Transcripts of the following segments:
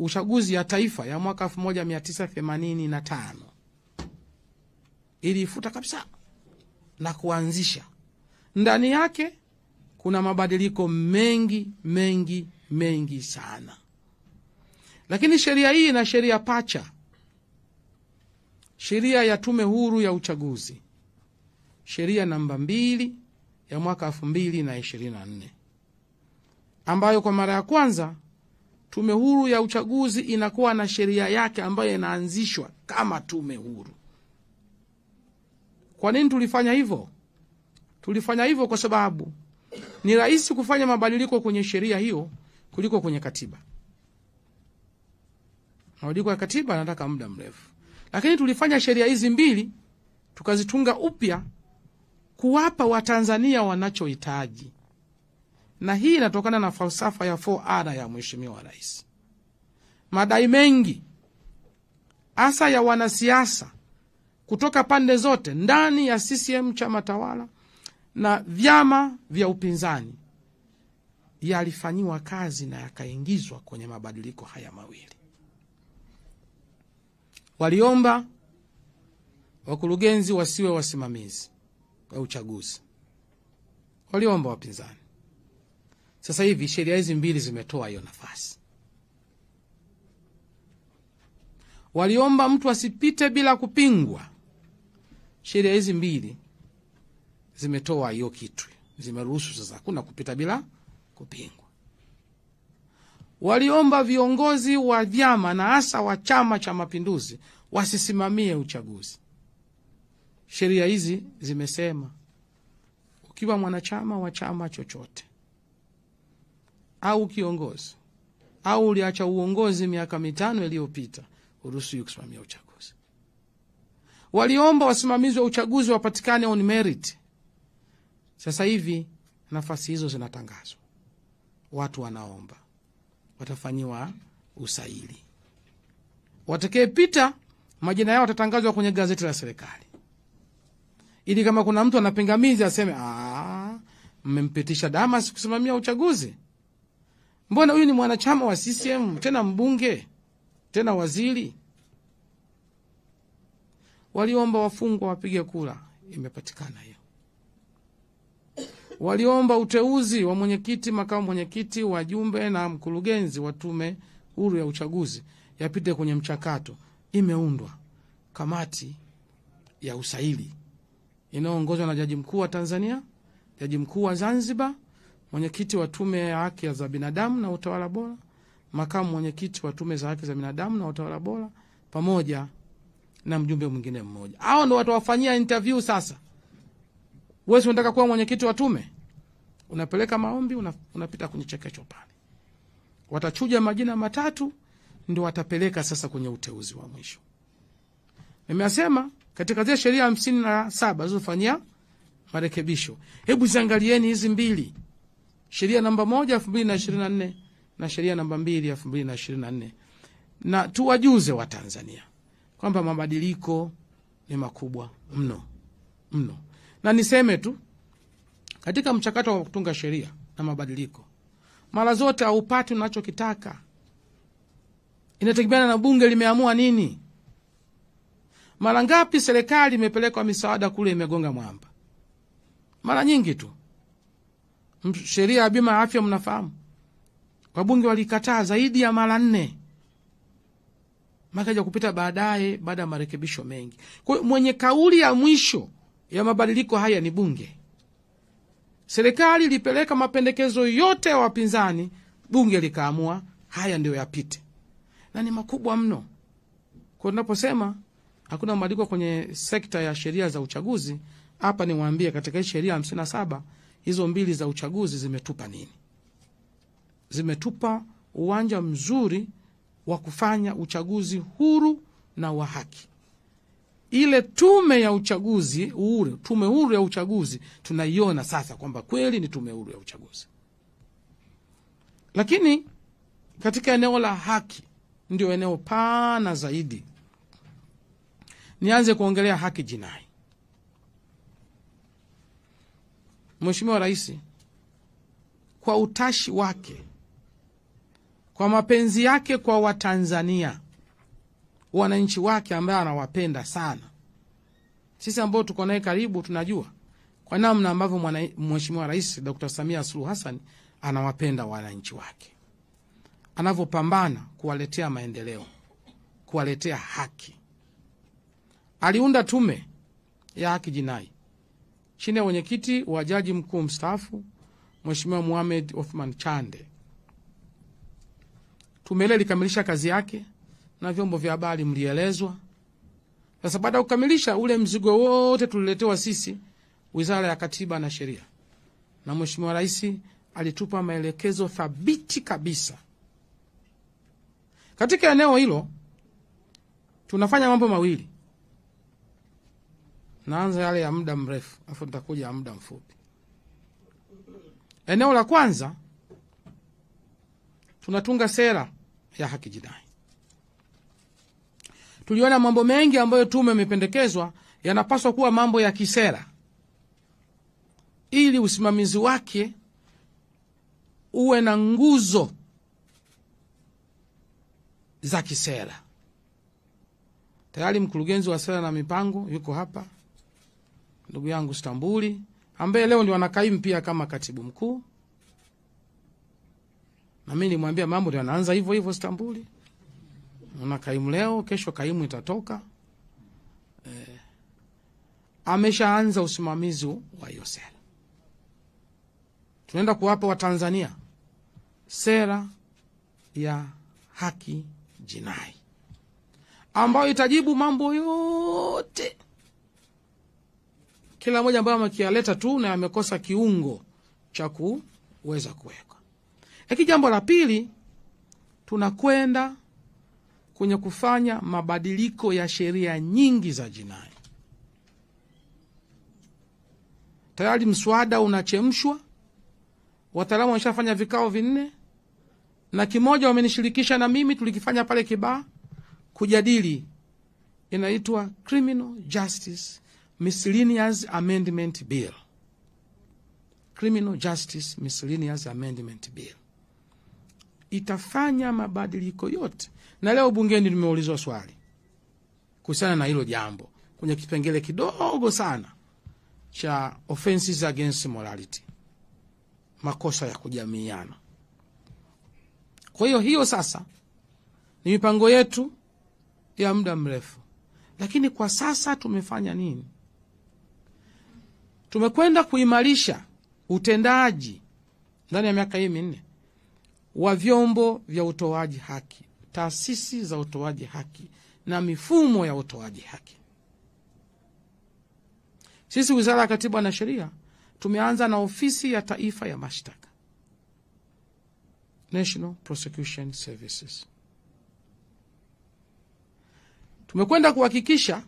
uchaguzi ya taifa ya mwaka 1985 iliifuta kabisa na kuanzisha ndani yake kuna mabadiliko mengi mengi mengi sana, lakini sheria hii na sheria pacha, sheria ya tume huru ya uchaguzi, sheria namba mbili ya mwaka elfu mbili na ishirini na nne ambayo kwa mara ya kwanza tume huru ya uchaguzi inakuwa na sheria yake ambayo inaanzishwa kama tume huru. Kwa nini tulifanya hivyo? Tulifanya hivyo kwa sababu ni rahisi kufanya mabadiliko kwenye sheria hiyo kuliko kwenye katiba. Mabadiliko ya katiba yanataka muda mrefu, lakini tulifanya sheria hizi mbili tukazitunga upya kuwapa Watanzania wanachohitaji na hii inatokana na falsafa ya 4R ya mheshimiwa rais. Madai mengi hasa ya wanasiasa kutoka pande zote ndani ya CCM chama tawala na vyama vya upinzani yalifanyiwa kazi na yakaingizwa kwenye mabadiliko haya mawili. Waliomba wakurugenzi wasiwe wasimamizi wa uchaguzi, waliomba wapinzani sasa hivi sheria hizi mbili zimetoa hiyo nafasi. Waliomba mtu asipite bila kupingwa, sheria hizi mbili zimetoa hiyo kitu, zimeruhusu sasa hakuna kupita bila kupingwa. Waliomba viongozi wa vyama na hasa wa Chama cha Mapinduzi wasisimamie uchaguzi, sheria hizi zimesema ukiwa mwanachama wa chama chochote au kiongozi au uliacha uongozi miaka mitano iliyopita, huruhusiwi kusimamia uchaguzi. Waliomba wasimamizi wa uchaguzi wapatikane on merit. Sasa hivi nafasi hizo zinatangazwa, watu wanaomba, watafanyiwa usaili, watakayepita majina yao watatangazwa kwenye gazeti la serikali, ili kama kuna mtu anapingamizi aseme mmempitisha Damas kusimamia uchaguzi. Mbona huyu ni mwanachama wa CCM tena mbunge tena waziri? Waliomba wafungwa wapige kura, imepatikana hiyo. Waliomba uteuzi wa mwenyekiti, makamu mwenyekiti, wajumbe na mkurugenzi wa tume huru ya uchaguzi yapite kwenye mchakato, imeundwa kamati ya usaili inayoongozwa na jaji mkuu wa Tanzania, jaji mkuu wa Zanzibar mwenyekiti wa tume ya haki za binadamu na utawala bora, makamu mwenyekiti wa tume za haki za binadamu na utawala bora, pamoja na mjumbe mwingine mmoja. Hao ndo watawafanyia interview. Sasa wewe unataka kuwa mwenyekiti wa tume, unapeleka maombi, unapita kwenye chekecho pale, watachuja majina matatu, ndo watapeleka sasa kwenye uteuzi wa mwisho. Nimesema katika zile sheria hamsini na saba zilizofanyia marekebisho, hebu ziangalieni hizi mbili sheria namba moja elfu mbili na ishirini na nne na sheria namba mbili elfu mbili na ishirini na nne na tuwajuze Watanzania kwamba mabadiliko ni makubwa mno mno, na niseme tu katika mchakato wa kutunga sheria na mabadiliko, mara zote haupati unachokitaka, inategemeana na bunge limeamua nini. Mara ngapi serikali imepelekwa misaada kule imegonga mwamba? Mara nyingi tu sheria ya bima ya afya mnafahamu, wabunge walikataa zaidi ya mara nne makaja kupita baadaye, baada ya marekebisho mengi. Kwa hiyo mwenye kauli ya mwisho ya mabadiliko haya ni Bunge. Serikali ilipeleka mapendekezo yote ya wapinzani, Bunge likaamua haya ndio yapite, na ni makubwa mno. Kwa tunaposema hakuna mabadiliko kwenye sekta ya sheria za uchaguzi, hapa niwaambie, katika hii sheria hamsini na saba hizo mbili za uchaguzi zimetupa nini? Zimetupa uwanja mzuri wa kufanya uchaguzi huru na wa haki. Ile tume ya uchaguzi uhuru, tume huru ya uchaguzi tunaiona sasa kwamba kweli ni tume huru ya uchaguzi. Lakini katika eneo la haki ndio eneo pana zaidi. Nianze kuongelea haki jinai. Mheshimiwa Rais kwa utashi wake, kwa mapenzi yake kwa Watanzania wananchi wake ambaye anawapenda sana. Sisi ambao tuko naye karibu tunajua kwa namna ambavyo Mheshimiwa Rais Dr. Samia Suluhu Hassan anawapenda wananchi wake, anavyopambana kuwaletea maendeleo, kuwaletea haki. Aliunda tume ya haki jinai chini ya wenyekiti wa jaji mkuu mstaafu Mheshimiwa muhamed Othman Chande. Tume ile ilikamilisha kazi yake na vyombo vya habari mlielezwa. Sasa baada ya kukamilisha ule mzigo wote tuliletewa sisi Wizara ya Katiba na Sheria, na Mheshimiwa Rais alitupa maelekezo thabiti kabisa katika eneo hilo. Tunafanya mambo mawili naanza yale ya muda mrefu, afu ntakuja ya muda mfupi. Eneo la kwanza, tunatunga sera ya haki jinai. Tuliona mambo mengi ambayo tume amependekezwa yanapaswa kuwa mambo ya kisera, ili usimamizi wake uwe na nguzo za kisera. Tayari mkurugenzi wa sera na mipango yuko hapa ndugu yangu Stambuli ambaye leo ndio anakaimu pia kama katibu mkuu, na mimi nilimwambia mambo ndio anaanza hivyo hivyo. Stambuli una kaimu leo, kesho kaimu itatoka. amesha ameshaanza usimamizi wa hiyo sera. Tunaenda kuwapa Watanzania sera ya haki jinai ambayo itajibu mambo yote kila moja ambayo amekialeta tu na amekosa kiungo cha kuweza kuwekwa. Lakini jambo la pili, tunakwenda kwenye kufanya mabadiliko ya sheria nyingi za jinai. Tayari mswada unachemshwa, wataalamu wameshafanya vikao vinne, na kimoja wamenishirikisha na mimi, tulikifanya pale kibaa kujadili, inaitwa Criminal Justice Miscellaneous Amendment Bill, Criminal Justice Miscellaneous Amendment Bill itafanya mabadiliko yote. Na leo bungeni nimeulizwa swali kuhusiana na hilo jambo kwenye kipengele kidogo sana cha offenses against morality, makosa ya kujamiiana. Kwa hiyo hiyo sasa ni mipango yetu ya muda mrefu, lakini kwa sasa tumefanya nini? tumekwenda kuimarisha utendaji ndani ya miaka hii minne wa vyombo vya utoaji haki, taasisi za utoaji haki na mifumo ya utoaji haki. Sisi Wizara ya Katiba na Sheria tumeanza na Ofisi ya Taifa ya Mashtaka, National Prosecution Services. Tumekwenda kuhakikisha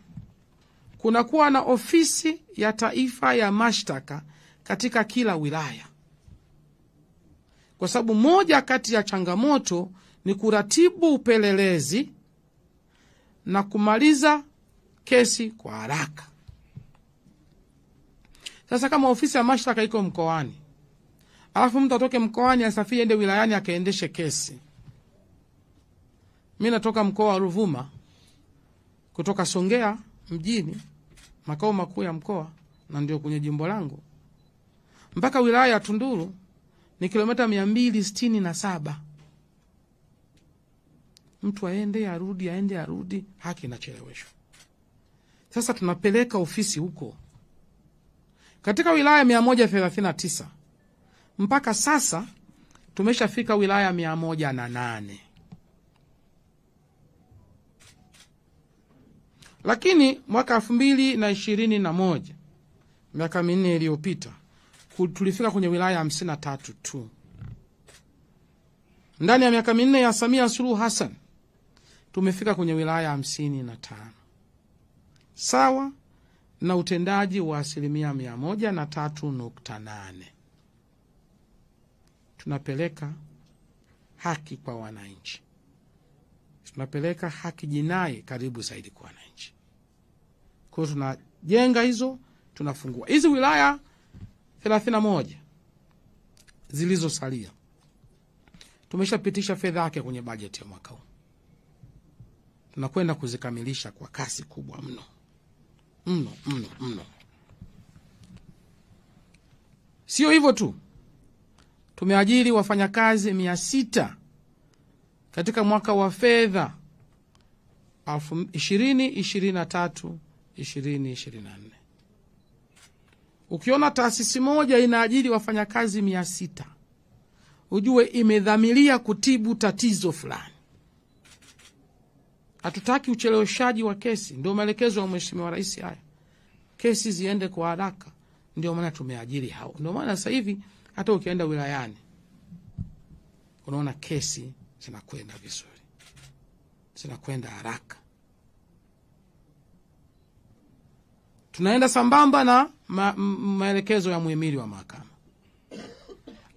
kunakuwa na ofisi ya taifa ya mashtaka katika kila wilaya, kwa sababu moja kati ya changamoto ni kuratibu upelelezi na kumaliza kesi kwa haraka. Sasa kama ofisi ya mashtaka iko mkoani, alafu mtu atoke mkoani asafiri ende wilayani akaendeshe kesi. Mi natoka mkoa wa Ruvuma kutoka Songea mjini makao makuu ya mkoa na ndio kwenye jimbo langu, mpaka wilaya ya Tunduru ni kilomita mia mbili sitini na saba. Mtu aende arudi, aende arudi, haki inacheleweshwa. Sasa tunapeleka ofisi huko katika wilaya mia moja thelathini na tisa mpaka sasa tumeshafika wilaya mia moja na nane. Lakini mwaka elfu mbili na ishirini na moja, miaka minne iliyopita, tulifika kwenye wilaya hamsini na tatu tu. Ndani ya miaka minne ya Samia Suluhu Hassan tumefika kwenye wilaya hamsini na tano sawa na utendaji wa asilimia mia moja na tatu nukta nane. Tunapeleka haki kwa wananchi tunapeleka haki jinai karibu zaidi kwa wananchi. Kwa hiyo tunajenga hizo, tunafungua hizi wilaya thelathini na moja zilizosalia. Tumeshapitisha fedha yake kwenye bajeti ya mwaka huu, tunakwenda kuzikamilisha kwa kasi kubwa mno mno mno mno. Sio hivyo tu, tumeajiri wafanyakazi mia sita katika mwaka wa fedha 2023 2024. Ukiona taasisi moja inaajiri wafanyakazi mia sita ujue imedhamiria kutibu tatizo fulani. Hatutaki ucheleweshaji wa kesi, ndio maelekezo ya Mheshimiwa Rais. Haya kesi ziende kwa haraka, ndio maana tumeajiri hao. Ndio maana sasa hivi hata ukienda wilayani unaona kesi zinakwenda vizuri, zinakwenda haraka. Tunaenda sambamba na ma, maelekezo ya muhimili wa mahakama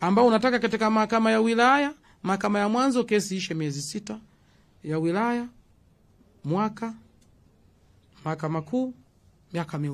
ambao unataka katika mahakama ya wilaya, mahakama ya mwanzo kesi ishe miezi sita, ya wilaya mwaka, mahakama kuu miaka miwili.